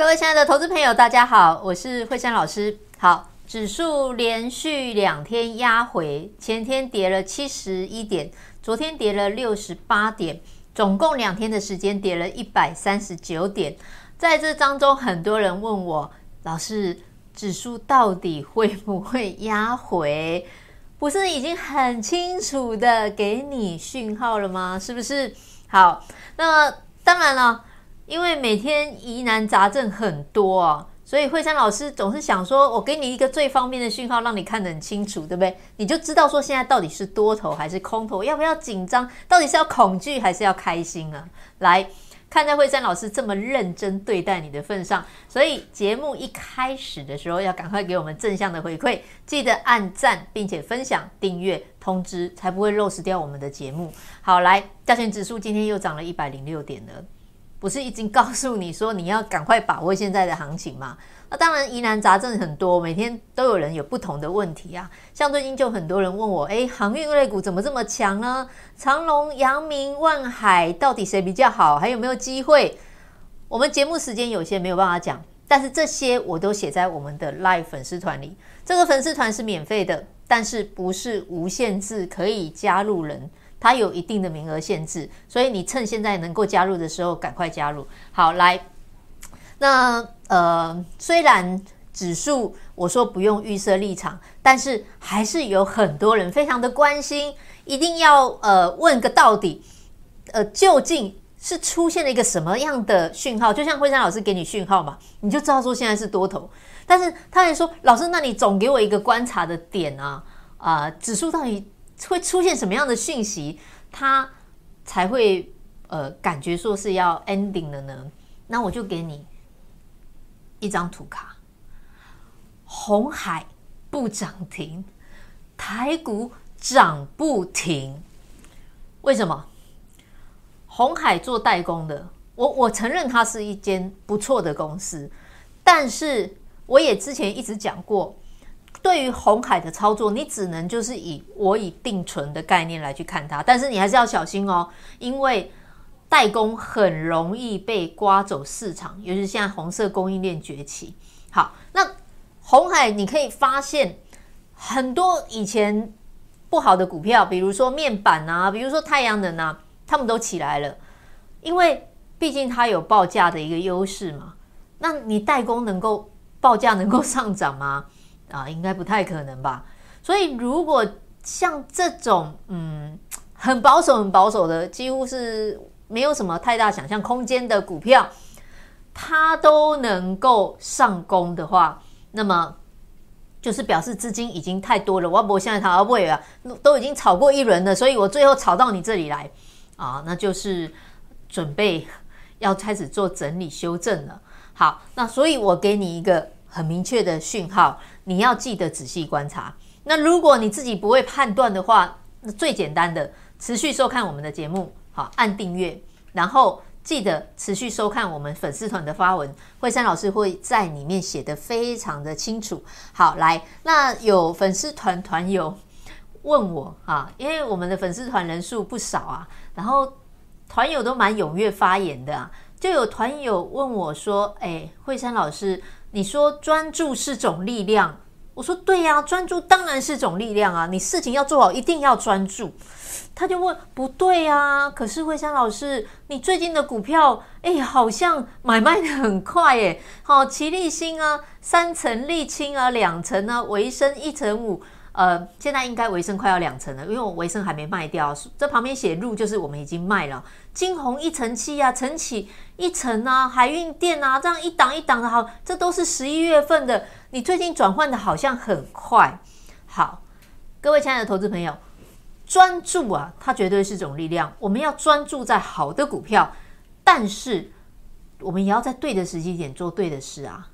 各位親愛的投資朋友，大家好，我是惠珊老師。好，指數連續兩天壓回，前天跌了七十一點，昨天跌了六十八點，總共兩天的時間跌了一百三十九點。在這當中，很多人問我，老師，指數到底會不會壓回？不是已經很清楚的給你訊號了嗎？是不是？好，那麼當然了、哦。因為每天疑難雜症很多啊，所以惠珊老師總是想說，我給你一個最方便的訊號，讓你看得很清楚，對不對？你就知道說現在到底是多頭還是空頭，要不要緊張？到底是要恐懼還是要開心啊？來看在惠珊老師這麼認真對待你的份上，所以節目一開始的時候要趕快給我們正向的回饋，記得按讚，並且分享、訂閱、通知，才不會漏失掉我們的節目。好，來，加權指數今天又漲了一百零六點了。不是已經告訴你說你要趕快把握現在的行情嗎？那當然，疑難雜症很多，每天都有人有不同的問題啊。像最近就很多人問我，誒，航運類股怎麼這麼強呢？長榮、陽明、萬海到底誰比較好？還有沒有機會？我們節目時間有些沒有辦法講，但是這些我都寫在我們的 live 粉絲團裡。這個粉絲團是免費的，但是不是無限制可以加入人。它有一定的名額限制，所以你趁現在能夠加入的時候趕快加入。好，來，那呃，雖然指數我說不用預設立場，但是還是有很多人非常的關心，一定要呃問個到底，呃，究竟是出現了一個什麼樣的訊號？就像惠珊老師給你訊號嘛，你就知道說現在是多頭。但是他也說，老師，那你總給我一個觀察的點啊？啊、呃，指數到底？會出現什麼樣的訊息，他才會呃感覺說是要 ending 了呢？那我就給你一張圖卡：鴻海不漲停，台股漲不停。為什麼？鴻海做代工的，我我承認它是一間不錯的公司，但是我也之前一直講過。對於鴻海的操作，你只能就是以我已定存的概念來去看它，但是你還是要小心哦，因為代工很容易被刮走市場，尤其現在紅色供應鏈崛起。好，那鴻海你可以發現很多以前不好的股票，比如說面板啊，比如說太陽能啊，他們都起來了，因為畢竟它有報價的一個優勢嘛。那你代工能夠報價能夠上漲嗎？啊，應該不太可能吧？所以如果像這種，嗯，很保守、很保守的，幾乎是沒有什麼太大想象空間的股票，它都能夠上攻的話，那麼就是表示資金已經太多了。我阿伯現在他阿伯也都已經炒過一輪了，所以我最後炒到你這裡來啊，那就是準備要開始做整理修正了。好，那所以我給你一個，很明確的訊號，你要記得仔細觀察。那如果你自己不會判斷的話，最簡單的，持續收看我們的節目，好，按訂閱，然後記得持續收看我們粉絲團的發文。惠珊老師會在裡面寫得非常的清楚。好，來，那有粉絲團團友問我啊，因為我們的粉絲團人數不少啊，然後團友都蠻踴躍發言的啊，就有團友問我說：“誒、欸，惠珊老師。”你說專注是種力量，我說對呀、啊，專注當然是種力量啊！你事情要做好，一定要專注。他就問：不對啊，可是惠珊老師，你最近的股票，誒，好像買賣的很快，誒。好，奇力新啊，三層麗清啊，兩層啊，為升一層五。呃，現在應該為升快要兩成了，因為我為升還沒賣掉、啊。這旁邊寫入就是我們已經賣了。晶宏一成七啊，晨起一成啊，海韻電啊，這樣一檔一檔的好，這都是十一月份的。你最近轉換的好像很快。好，各位親愛的投資朋友，專注啊，它絕對是種力量。我們要專注在好的股票，但是我們也要在對的時機點做對的事啊。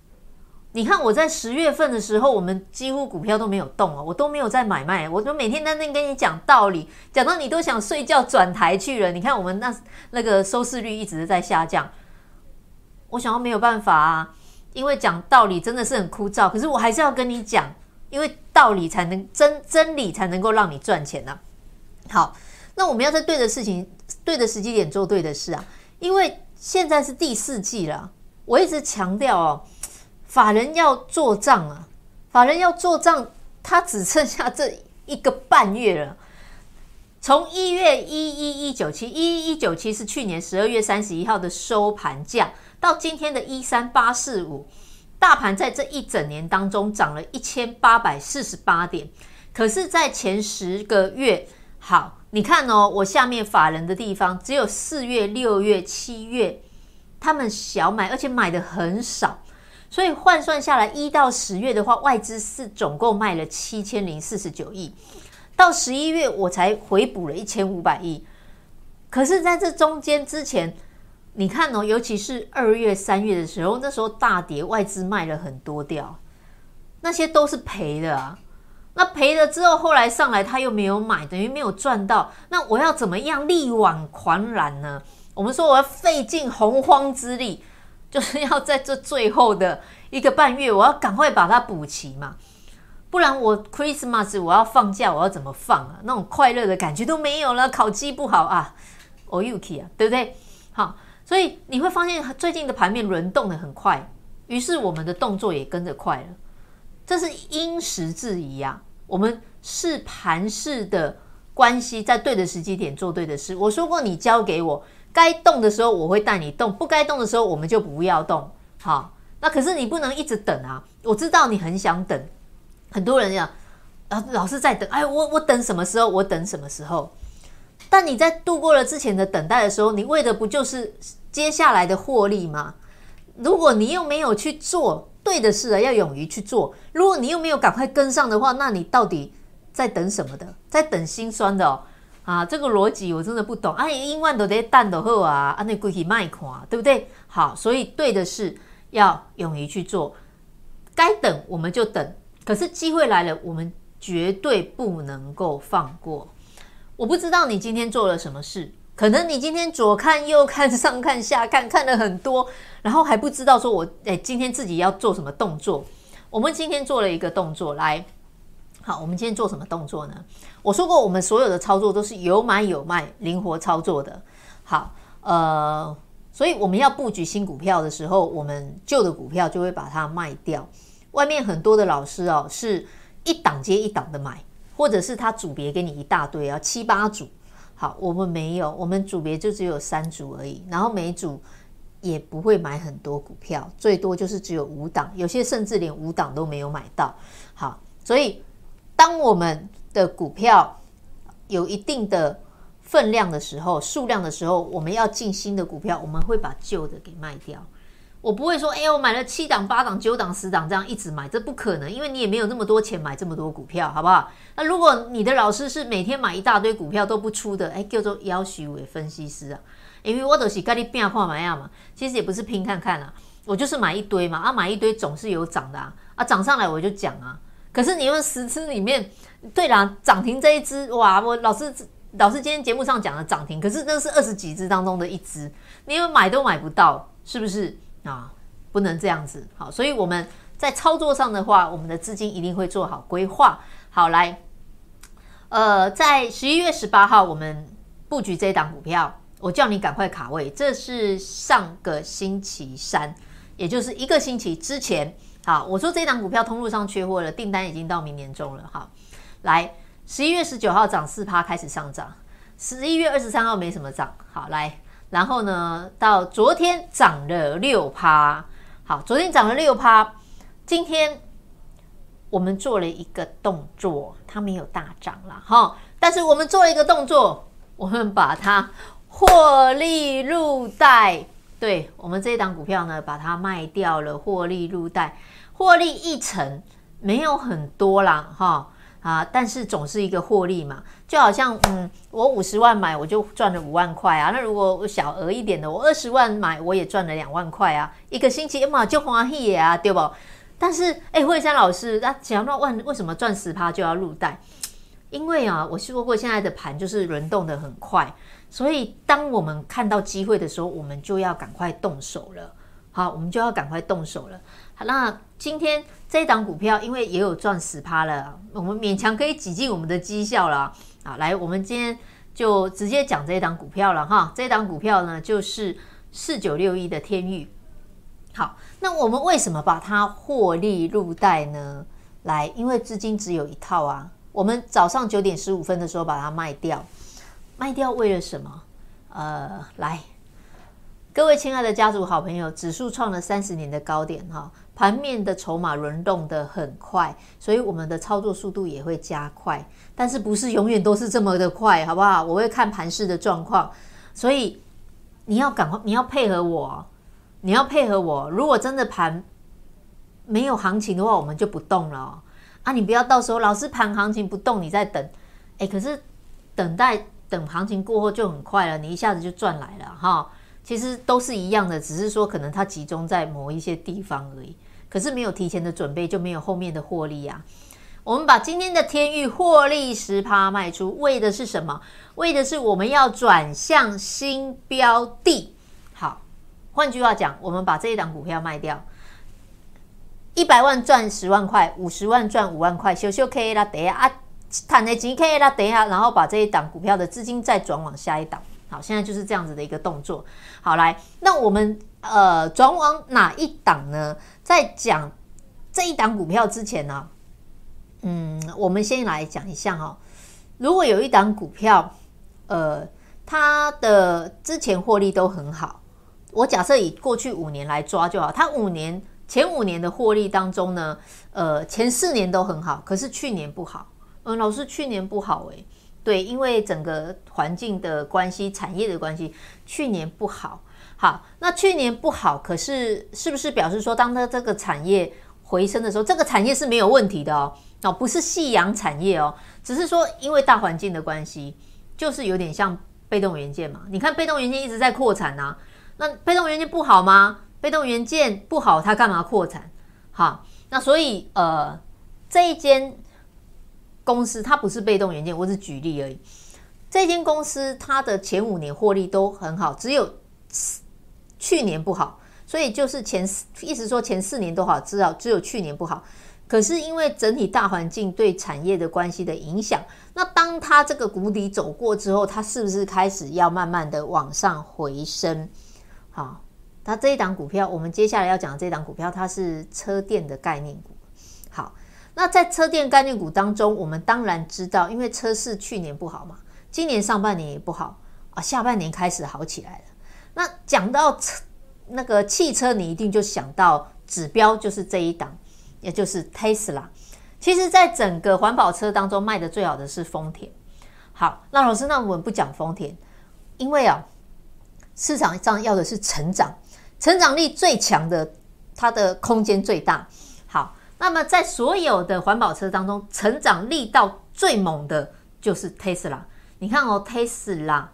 你看我在十月份的時候，我們幾乎股票都沒有動啊，我都沒有在買賣，我就每天在那跟你講道理，講到你都想睡覺轉台去了。你看我們那那個收視率一直在下降，我想要沒有辦法啊，因為講道理真的是很枯燥，可是我還是要跟你講，因為道理才能真，真理才能夠讓你賺錢吶啊。好，那我們要在對的事情、對的時機點做對的事啊，因為現在是第四季了，我一直強調哦。法人要做賬啊，法人要做賬，他只剩下這一個半月了。從一月一一一九七一一一九七是去年十二月三十一號的收盤價，到今天的一三八四五，大盤在這一整年當中漲了一千八百四十八點，可是，在前十個月，好，你看哦，我下面法人的地方只有四月、六月、七月，他們小買，而且買的很少。所以換算下來，一到十月的話，外資是總共賣了七千零四十九億；到十一月，我才回補了一千五百億。可是，在這中間之前，你看哦，尤其是二月、三月的時候，那時候大跌，外資賣了很多掉，那些都是賠的啊。那賠了之後，後來上來他又沒有買，等於沒有賺到。那我要怎麼樣力挽狂瀾呢？我們說，我要費盡洪荒之力。就是要在這最後的一個半月，我要趕快把它補齊嘛，不然我 Christmas 我要放假，我要怎麼放啊？那種快樂的感覺都沒有了，考績不好啊 o u c h 啊，對不對？好，所以你會發現最近的盤面輪動得很快，於是我們的動作也跟着快了，這是因時制宜啊。我們是盤勢的關係，在對的時機點做對的事。我說過，你交給我。該動的時候我會帶你動，不該動的時候我們就不要動。好，那可是你不能一直等啊！我知道你很想等，很多人呀，啊，老是在等。哎，我我等什麼時候？我等什麼時候？但你在度過了之前的等待的時候，你為的不就是接下來的獲利嗎？如果你又沒有去做對的事了，要勇於去做。如果你又沒有趕快跟上的話，那你到底在等什麼的？在等心酸的哦。啊，這個邏輯我真的不懂啊！因萬都得等都後啊，啊那貴起賣啊，對不對？好，所以對的是要勇於去做，該等我們就等，可是機會來了，我們絕對不能夠放過。我不知道你今天做了什麼事，可能你今天左看右看，上看下看，看了很多，然後還不知道說我哎，今天自己要做什麼動作？我們今天做了一個動作來。好，我們今天做什麼動作呢？我說過，我們所有的操作都是有買有賣，靈活操作的。好，呃，所以我們要布局新股票的時候，我們舊的股票就會把它賣掉。外面很多的老師哦，是一檔接一檔的買，或者是他組別給你一大堆啊，七八組。好，我們沒有，我們組別就只有三組而已，然後每組也不會買很多股票，最多就是只有五檔，有些甚至連五檔都沒有買到。好，所以。當我們的股票有一定的分量的時候、數量的時候，我們要進新的股票，我們會把舊的給賣掉。我不會說，哎，我買了七檔、八檔、九檔、十檔，這樣一直買，這不可能，因為你也沒有那麼多錢買這麼多股票，好不好？那如果你的老師是每天買一大堆股票都不出的，哎，叫做妖許偉分析師啊，因為我都是給你變化買呀嘛，其實也不是拼看看啊，我就是買一堆嘛，啊，買一堆總是有漲的啊，啊，漲上來我就講啊。可是你們十支裡面，對啦，漲停這一支。哇，我老師，老師今天節目上講的漲停，可是那是二十幾支當中的一支。你們買都買不到，是不是啊？不能這樣子，好，所以我們在操作上的話，我們的資金一定會做好規劃。好，來，呃，在十一月十八號我們布局這一檔股票，我叫你趕快卡位，這是上個星期三，也就是一個星期之前。好，我說這檔股票通路上缺貨了，訂單已經到明年中了。好，來十一月十九號漲四趴開始上漲，十一月二十三號沒什麼漲。好，來，然後呢，到昨天漲了六趴。好，昨天漲了六趴，今天我們做了一個動作，它沒有大漲了哈，但是我們做了一個動作，我們把它獲利入袋。對，我們這一檔股票呢，把它賣掉了，獲利入袋，獲利一成沒有很多啦，哈、哦、啊，但是總是一個獲利嘛，就好像嗯，我五十萬買我就賺了五萬塊啊，那如果我小額一點的，我二十萬買我也賺了兩萬塊啊，一個星期嘛就花去也啊，對不？但是哎，惠珊老師，啊、要那想要問為什麼賺十趴就要入袋？因為啊，我說過現在的盤就是輪動的很快。所以，當我們看到機會的時候，我們就要趕快動手了。好，我們就要趕快動手了。好，那今天這檔股票，因為也有賺十趴了，我們勉強可以擠進我們的績效了。好，來，我們今天就直接講這一檔股票了哈。這一檔股票呢，就是四九六一的天鈺。好，那我們為什麼把它獲利入袋呢？來，因為資金只有一套啊。我們早上九點十五分的時候把它賣掉。賣掉為了什麼？呃，來，各位親愛的家族好朋友，指數創了三十年的高點哈，盤面的籌碼輪動得很快，所以我們的操作速度也會加快，但是不是永遠都是這麼的快，好不好？我會看盤勢的狀況，所以你要趕快，你要配合我，你要配合我。如果真的盤沒有行情的話，我們就不動了、哦、啊！你不要到時候老是盤行情不動，你再等，誒，可是等待。等行情過後就很快了，你一下子就賺來了哈。其實都是一樣的，只是說可能它集中在某一些地方而已。可是沒有提前的準備，就沒有後面的獲利呀、啊。我們把今天的天域獲利十趴賣出，為的是什麼？為的是我們要轉向新標的。好，換句話講，我們把這一檔股票賣掉，一百萬賺十萬塊，五十萬賺五萬塊，休息可以啦，等下啊。攤的可以啦，等一下，然後把這一檔股票的資金再轉往下一檔。好，現在就是這樣子的一個動作。好，來，那我們呃轉往哪一檔呢？在講這一檔股票之前呢、啊，嗯，我們先來講一下哈、哦。如果有一檔股票，呃，它的之前獲利都很好，我假設以過去五年來抓就好它。它五年前五年的獲利當中呢，呃，前四年都很好，可是去年不好。嗯，老師去年不好誒。對，因為整個環境的關係、產業的關係，去年不好。好，那去年不好，可是是不是表示說，當它這個產業回升的時候，這個產業是沒有問題的哦？哦，不是夕陽產業哦，只是說因為大環境的關係，就是有點像被動元件嘛。你看，被動元件一直在擴產吶、啊，那被動元件不好嗎？被動元件不好，它幹嘛擴產？好，那所以呃，這一間。公司它不是被動元件，我只是舉例而已。這間公司它的前五年獲利都很好，只有去年不好，所以就是前四，意思說前四年都好，至少只有去年不好。可是因為整體大環境對產業的關係的影響，那當它這個谷底走過之後，它是不是開始要慢慢的往上回升？好，它這一檔股票，我們接下來要講的這檔股票，它是車電的概念股。那在車電概念股當中，我們當然知道，因為車市去年不好嘛，今年上半年也不好啊，下半年開始好起來了。那講到車那個汽車，你一定就想到指標就是這一檔，也就是 Tesla。其實，在整個環保車當中賣得最好的是豐田。好，那老師，那我們不講豐田，因為啊、哦，市場上要的是成長，成長力最強的，它的空間最大。那麼，在所有的環保車當中，成長力道最猛的就是 Tesla。你看哦，Tesla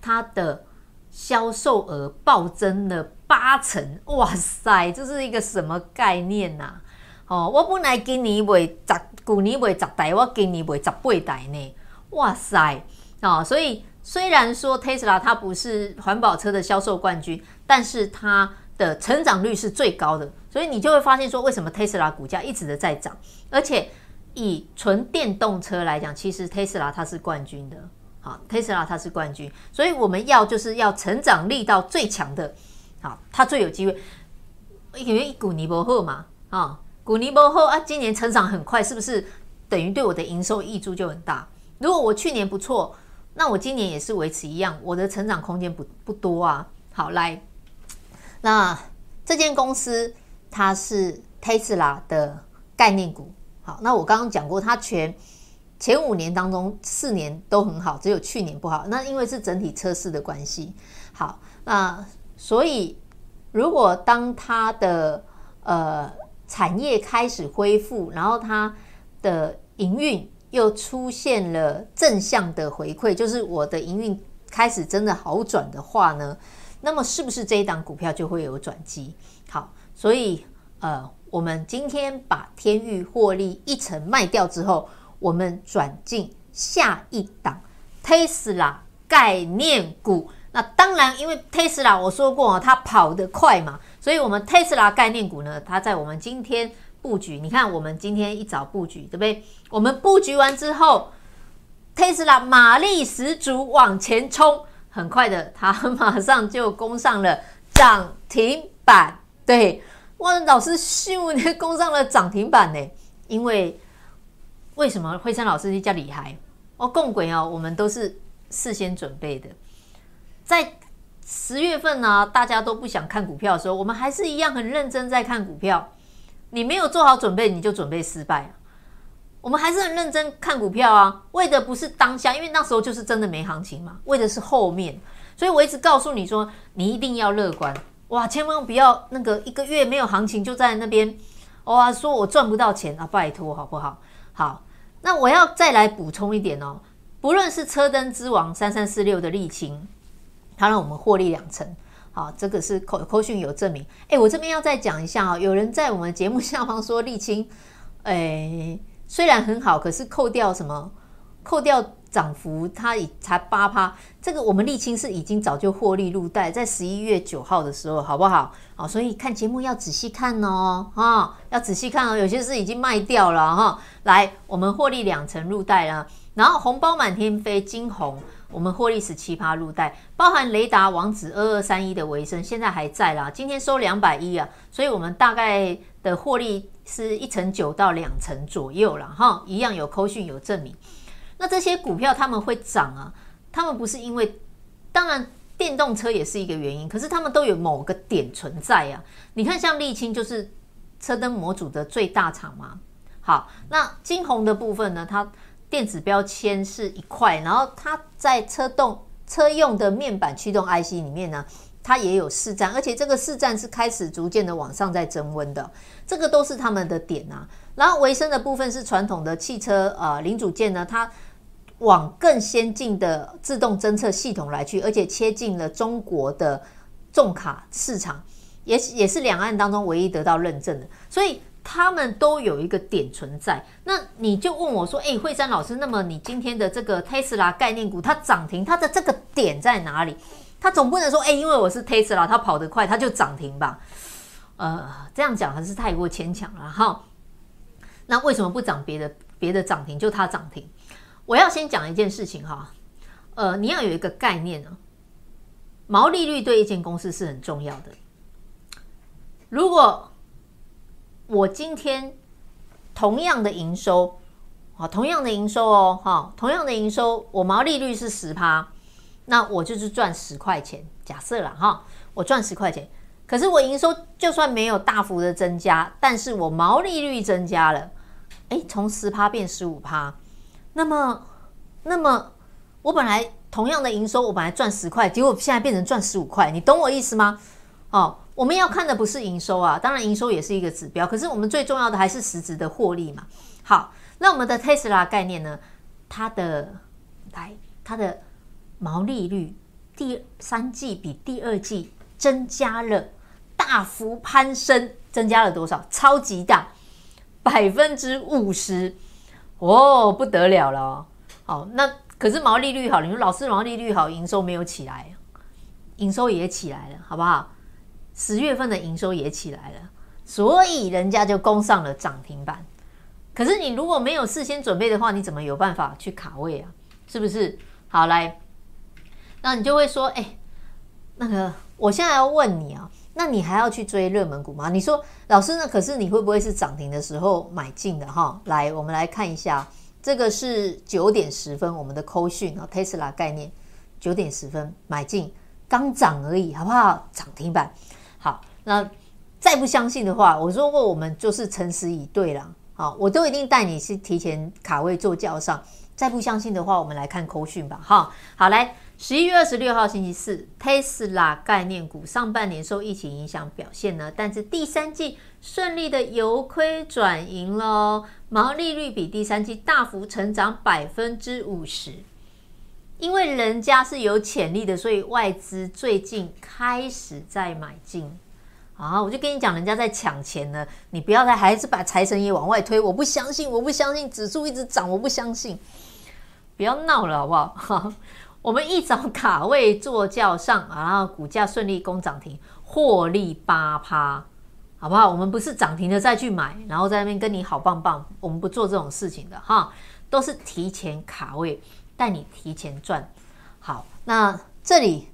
它的銷售額暴增了八成，哇塞，這是一個什麼概念吶、啊？哦，我本來給你買十，去年買十台，我今年買十八台呢，哇塞哦，所以，雖然說 Tesla 它不是環保車的銷售冠軍，但是它的成長率是最高的，所以你就會發現說，為什麼特斯拉股價一直的在漲？而且以純電動車來講，其實特斯拉它是冠軍的，好，特斯拉它是冠軍，所以我們要就是要成長力道最強的，好，它最有機會。因為去年不好嘛，啊、哦，去年不好啊，今年成長很快，是不是等於對我的營收挹注就很大？如果我去年不錯，那我今年也是維持一樣，我的成長空間不不多啊。好，來。那這間公司它是 Tesla 的概念股，好，那我剛剛講過，它全前五年當中四年都很好，只有去年不好。那因為是整體車市的關係，好，那所以如果當它的呃產業開始恢復，然後它的營運又出現了正向的回饋，就是我的營運開始真的好轉的話呢，那麼是不是這一檔股票就會有轉機？好，所以呃，我們今天把天域獲利一成賣掉之後，我們轉進下一檔 Tesla 概念股。那當然，因為 Tesla 我說過它跑得快嘛，所以我們 Tesla 概念股呢，它在我們今天布局。你看，我們今天一早布局對不對？我們布局完之後，Tesla 馬力十足往前衝。很快的，他馬上就攻上了漲停板。對，哇，老師秀呢？攻上了漲停板呢。因為為什麼惠珊老師這麼厲害哦，共軌哦，我們都是事先準備的。在十月份呢、啊，大家都不想看股票的時候，我們還是一樣很認真在看股票。你沒有做好準備，你就準備失敗，啊我們還是很認真看股票啊，為的不是當下，因為那時候就是真的沒行情嘛。為的是後面，所以我一直告訴你說，你一定要樂觀哇，千萬不要那個一個月沒有行情就在那邊哇，說我賺不到錢啊，拜託好不好？好，那我要再來補充一點哦，不論是車燈之王三三四六的麗清，它讓我們獲利兩成，好，這個是 Q Q 訊有證明。哎，我這邊要再講一下哦，有人在我們節目下方說麗清，哎。雖然很好，可是扣掉什麼？扣掉漲幅，它才八趴。這個我們麗清是已經早就獲利入袋，在十一月九號的時候，好不好？好，所以看節目要仔細看哦，啊，要仔細看哦。有些是已經賣掉了哈。來，我們獲利兩成入袋了，然後紅包滿天飛，晶宏我們獲利十七趴入袋，包含雷達王子二二三一的為升。現在還在啦，今天收兩百一啊，所以我們大概。的獲利是一成九到兩成左右了哈，一樣有扣訊，有證明。那這些股票他們會漲啊，他們不是因為，當然電動車也是一個原因，可是他們都有某個點存在啊。你看像麗清就是車燈模組的最大廠嘛。好，那晶宏的部分呢，它電子標籤是一塊，然後它在車動車用的面板驅動 IC 裡面呢，它也有市占，而且這個市占是開始逐漸的往上在增溫的，這個都是他們的點啊。然後為升的部分是傳統的汽車呃零組件呢，它往更先進的自動偵測系統來去，而且切進了中國的重卡市場，也是也是兩岸當中唯一得到認證的，所以他們都有一個點存在。那你就問我說，誒、哎，惠珊老師，那麼你今天的這個特斯拉概念股它漲停，它的這個點在哪裡？他總不能說，哎、欸，因為我是 Tesla，他跑得快，他就漲停吧？呃，這樣講還是太過牽強了哈。那為什麼不漲別的？別的漲停就它漲停？我要先講一件事情哈，呃，你要有一個概念呢，毛利率對一間公司是很重要的。如果我今天同樣的營收，啊，同樣的營收哦，哈，同樣的營收，我毛利率是十趴。那我就是賺十塊錢，假設啦哈，我賺十塊錢。可是我營收就算沒有大幅的增加，但是我毛利率增加了，誒、欸，從十趴變十五趴，那麼，那麼我本來同樣的營收，我本來賺十塊，結果現在變成賺十五塊，你懂我意思嗎？哦，我們要看的不是營收啊，當然營收也是一個指標，可是我們最重要的還是實質的獲利嘛。好，那我們的 Tesla 概念呢，它的來，它的。它的毛利率第三季比第二季增加了，大幅攀升，增加了多少？超級大，百分之五十哦，不得了了哦！好，那可是毛利率好，你說老師毛利率好，營收沒有起來，營收也起來了，好不好？十月份的營收也起來了，所以人家就攻上了漲停板。可是你如果沒有事先準備的話，你怎麼有辦法去卡位啊？是不是？好，來。那你就會說，誒、欸，那個，我現在要問你啊，那你還要去追熱門股嗎？你說，老師，呢，可是你會不會是漲停的時候買進？的哈、哦，來，我們來看一下，這個是九點十分，我們的 Q 訊啊、哦、，Tesla 概念，九點十分買進，剛漲而已，好不好？漲停板。好，那再不相信的話，我說過我們就是誠實以對了，好、哦，我都一定帶你去提前卡位坐轎上。再不相信的話，我們來看 Q 訊吧。哈、哦，好，來。十一月二十六號星期四，Tesla 概念股上半年受疫情影響表現呢，但是第三季順利的由虧轉盈嘍，毛利率比第三季大幅成長百分之五十，因為人家是有潛力的，所以外資最近開始在買進啊！我就跟你講，人家在搶錢呢，你不要再還是把財神爺往外推，我不相信，我不相信指數一直漲，我不相信，不要鬧了好不好？ 我們一早卡位坐轎上，然後股價順利攻漲停，獲利八趴，好不好？我們不是漲停了再去買，然後在那邊跟你好棒棒，我們不做這種事情的哈，都是提前卡位帶你提前賺。好，那這裡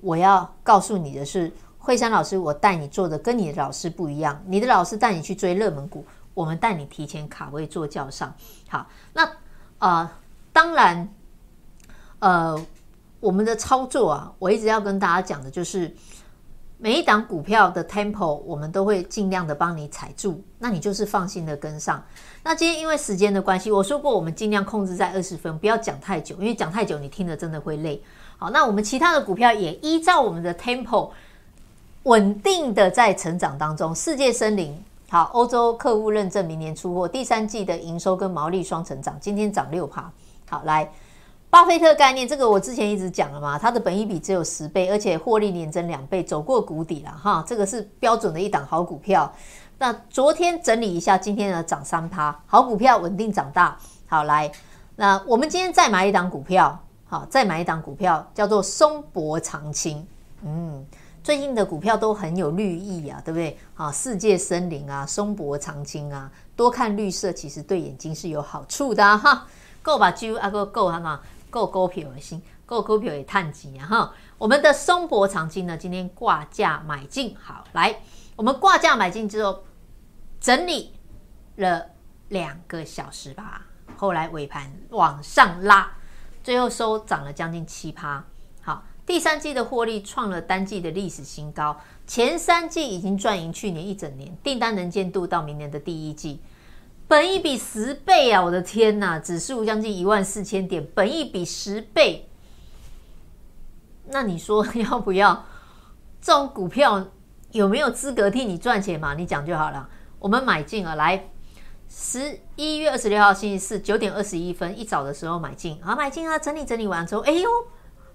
我要告訴你的是，惠珊老師，我帶你做的跟你的老師不一樣，你的老師帶你去追熱門股，我們帶你提前卡位坐轎上。好，那呃，當然。呃，我們的操作啊，我一直要跟大家講的就是，每一檔股票的 tempo 我們都會盡量的幫你踩住，那你就是放心的跟上。那今天因為時間的關係，我說過我們盡量控制在二十分，不要講太久，因為講太久你聽了真的會累。好，那我們其他的股票也依照我們的 tempo 穩定的在成長當中。世界森林，好，歐洲客戶認證，明年出貨，第三季的營收跟毛利雙成長，今天漲六趴。好，來。巴菲特概念，這個我之前一直講了嘛，它的本益比只有十倍，而且獲利年增兩倍，走過谷底了哈，這個是標準的一檔好股票。那昨天整理一下，今天呢漲三趴，好股票穩定長大。好，來，那我們今天再買一檔股票，好，再買一檔股票叫做松柏長青。嗯，最近的股票都很有綠意啊，對不對啊？世界森林啊，松柏長青啊，多看綠色其實對眼睛是有好處的、啊、哈。Go 吧 go go go 好嗎？夠狗皮有心，夠狗皮有嘆氣啊！哈，我們的松柏長青呢？今天掛價買進，好來，我們掛價買進之後整理了兩個小時吧，後來尾盤往上拉，最後收漲了將近七趴。好，第三季的獲利創了單季的歷史新高，前三季已經賺贏去年一整年，訂單能見度到明年的第一季。本益比十倍啊！我的天吶，指數將近一萬四千點，本益比十倍。那你說要不要這種股票有沒有資格替你賺錢嘛？你講就好了。我們買進啊，來十一月二十六號星期四九點二十一分一早的時候買進，好買進啊！整理整理完之後，哎呦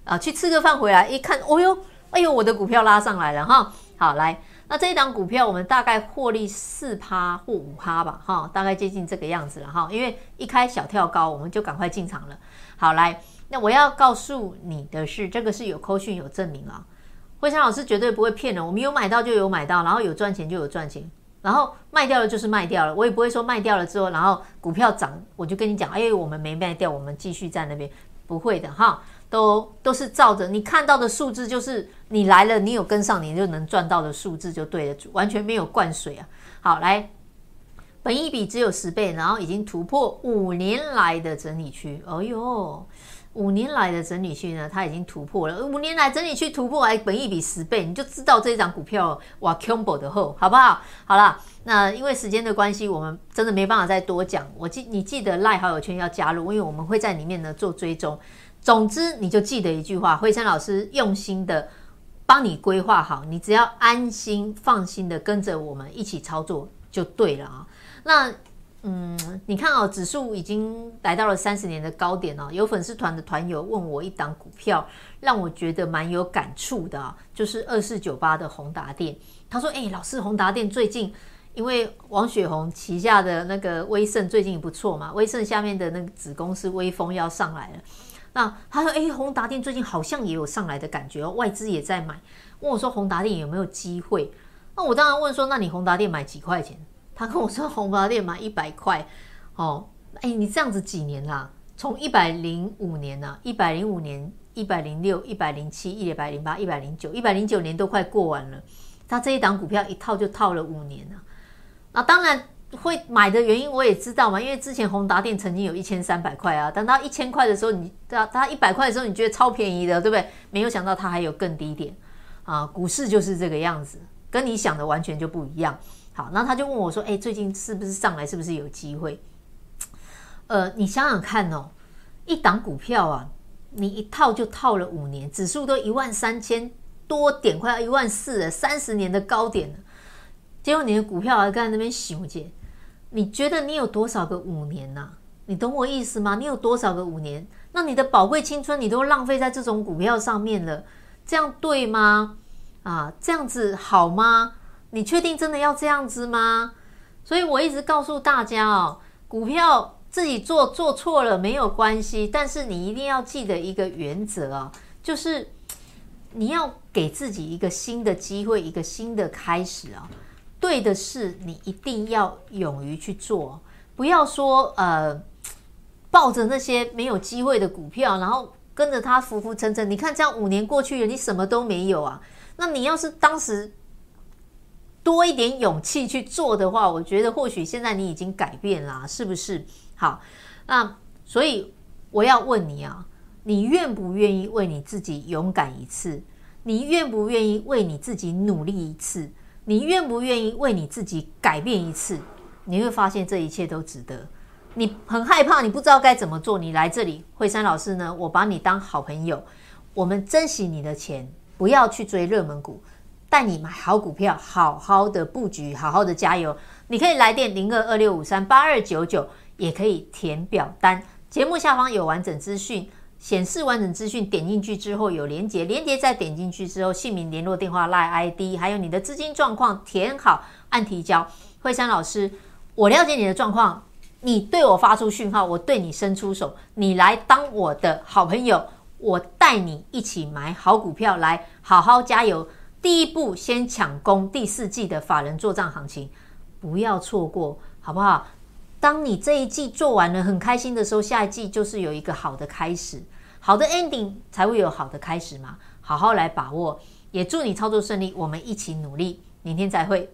啊，去吃個飯回來一看，哦、哎、呦，哎呦，我的股票拉上來了哈！好來。那這一檔股票，我們大概獲利四趴或五趴吧，哈，大概接近這個樣子了哈。因為一開小跳高，我們就趕快進場了。好，來，那我要告訴你的是，這個是有扣訊有證明啊，惠珊老師絕對不會騙人。我們有買到就有買到，然後有賺錢就有賺錢，然後賣掉了就是賣掉了，我也不會說賣掉了之後，然後股票漲我就跟你講，為、哎、我們沒賣掉，我們繼續在那邊，不會的哈。都都是照着你看到的數字，就是你來了，你有跟上，你就能賺到的數字就對了，完全沒有灌水啊！好，來，本益比只有十倍，然後已經突破五年來的整理區。哎、哦、喲，五年來的整理區呢，它已經突破了。五年來整理區突破，哎，本益比十倍，你就知道這一張股票哇恐怖的喔，好不好？好啦，那因為時間的關係，我們真的沒辦法再多講。我記你記得 LINE 好友圈要加入，因為我們會在裡面呢做追蹤。總之，你就記得一句話，惠珊老師用心的幫你規劃好，你只要安心放心的跟着我們一起操作就對了啊。那，嗯，你看哦，指數已經來到了三十年的高點了、啊。有粉絲團的團友問我一檔股票，讓我覺得蠻有感觸的、啊，就是二四九八的宏達電。他說：“誒、欸，老師，宏達電最近因為王雪紅旗下的那個威盛最近也不錯嘛，威盛下面的那個子公司威風要上來了。”啊，他說：“哎、欸，宏達電最近好像也有上來的感覺哦，外資也在買。問我說宏達電有沒有機會？那我當然問說，那你宏達電買幾塊錢？他跟我說宏達電買一百塊。哦，哎、欸，你這樣子幾年啦、啊？從一百零五年啦、啊，一百零五年、一百零六、一百零七、一百零八、一百零九、一百零九年都快過完了。他這一檔股票一套就套了五年了、啊。那、啊、當然。”會買的原因我也知道嘛，因為之前宏達電曾經有一千三百塊啊，等到一千塊的時候你，你知道它一百塊的時候，你覺得超便宜的，對不對？沒有想到它還有更低點啊，股市就是這個樣子，跟你想的完全就不一樣。好，那他就問我說：“哎，最近是不是上來，是不是有機會？”呃，你想想看哦，一檔股票啊，你一套就套了五年，指數都一萬三千多點，快要一萬四了，三十年的高點。只有你的股票還在那邊洗錢，你覺得你有多少個五年呢、啊？你懂我意思嗎？你有多少個五年？那你的寶貴青春你都浪費在這種股票上面了，這樣對嗎？啊，這樣子好嗎？你確定真的要這樣子嗎？所以我一直告訴大家哦，股票自己做做錯了沒有關係，但是你一定要記得一個原則啊，就是你要給自己一個新的機會，一個新的開始啊。對的事，你一定要勇於去做，不要說呃，抱着那些沒有機會的股票，然後跟着它浮浮沉沉。你看，這樣五年過去了，你什麼都沒有啊？那你要是當時多一點勇氣去做的話，我覺得或許現在你已經改變了啊，是不是？好，那所以我要問你啊，你願不願意為你自己勇敢一次？你願不願意為你自己努力一次？你願不願意為你自己改變一次？你會發現這一切都值得。你很害怕，你不知道該怎麼做。你來這裡，惠珊老師呢，我把你當好朋友，我們珍惜你的錢，不要去追熱門股，帶你買好股票，好好的布局，好好的加油。你可以來電零二二六五三八二九九，也可以填表單，節目下方有完整資訊。顯示完整資訊，點進去之後有連接，連接再點進去之後，姓名、聯絡電話、LINE ID，還有你的資金狀況，填好按提交。惠珊老師，我了解你的狀況，你對我發出訊號，我對你伸出手，你來當我的好朋友，我帶你一起買好股票，來好好加油。第一步先搶攻第四季的法人做賬行情，不要錯過，好不好？當你這一季做完了，很開心的時候，下一季就是有一個好的開始，好的 ending 才會有好的開始嘛。好好來把握，也祝你操作順利，我們一起努力，明天再會。